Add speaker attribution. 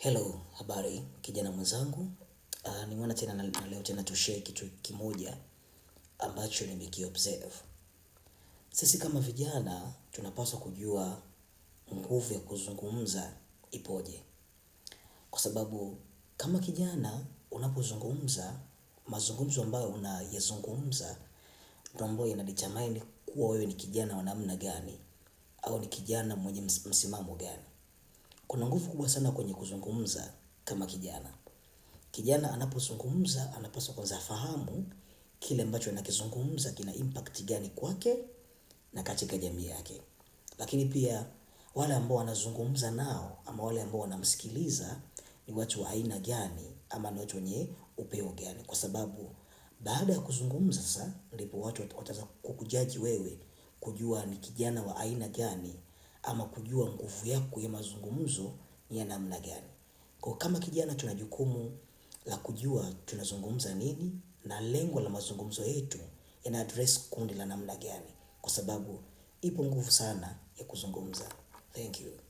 Speaker 1: Hello, habari kijana mwenzangu. Uh, mwana tena na, na leo tena tushare kitu kimoja ambacho nimekiobserve. Sisi kama vijana tunapaswa kujua nguvu ya kuzungumza ipoje, kwa sababu kama kijana unapozungumza, mazungumzo ambayo unayazungumza ndio ambayo yanadetermine kuwa wewe ni kijana wa namna gani au ni kijana mwenye msimamo gani. Kuna nguvu kubwa sana kwenye kuzungumza kama kijana. Kijana anapozungumza anapaswa kwanza afahamu kile ambacho anakizungumza kina impact gani kwake na katika jamii yake. Lakini pia wale ambao wanazungumza nao ama wale ambao wanamsikiliza ni watu wa aina gani ama ni watu wenye upeo gani kwa sababu baada ya kuzungumza sasa ndipo watu wataanza kukujaji wewe kujua ni kijana wa aina gani ama kujua nguvu yako ya mazungumzo ni ya namna gani. Kwa kama kijana tuna jukumu la kujua tunazungumza nini na lengo la mazungumzo yetu yana address kundi la namna gani kwa sababu ipo nguvu sana ya kuzungumza. Thank you.